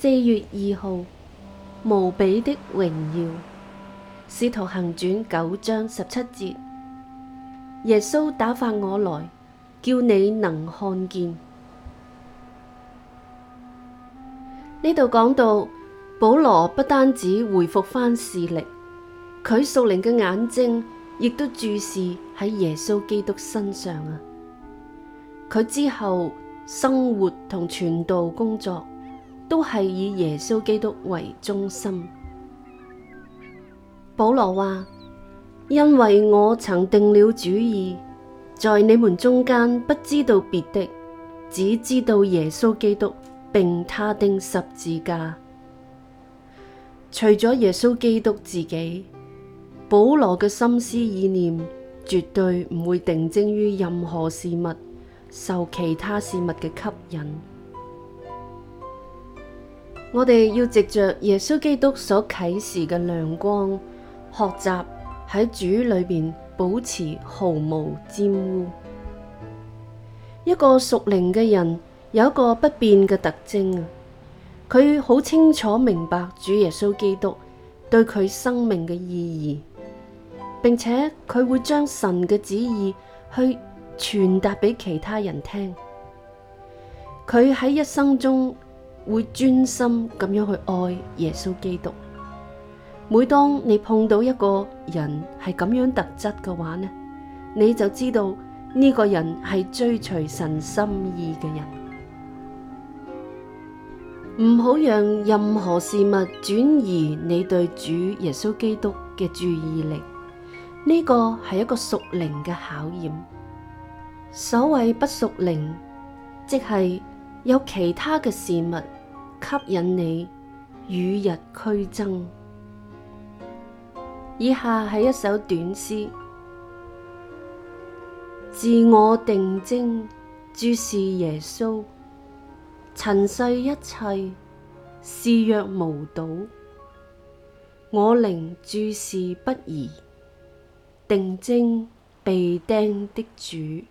四月二號，無比的榮耀，使徒行傳九章十七節，耶穌打發我來，叫你能看見。呢度講到保羅不單止回復翻視力，佢屬靈嘅眼睛亦都注視喺耶穌基督身上啊。佢之後生活同傳道工作，都係以耶穌基督為中心。保羅話：因為我曾定了主意，在你們中間不知道別的，只知道耶穌基督，並他釘十字架。除咗耶穌基督自己，保羅嘅心思意念絕對唔會定睛於任何事物，受其他事物嘅吸引。我哋要藉着耶穌基督所啟示嘅亮光，學習喺主裏邊保持毫無玷污。一個屬靈嘅人有一個不變嘅特徵，佢好清楚明白主耶穌基督對佢生命嘅意義，並且佢會將神嘅旨意去傳達俾其他人聽。佢喺一生中。會專心咁樣去愛耶穌基督。每當你碰到一個人係咁樣特質嘅話呢，你就知道呢個人係追隨神心意嘅人。唔好 讓任何事物轉移你對主耶穌基督嘅注意力。呢個係一個屬靈嘅考驗。所謂不屬靈，即係有其他嘅事物。吸引你與日俱增。以下係一首短詩：自我定睛注視耶穌，塵世一切視若無睹，我靈注視不移，定睛被釘的主。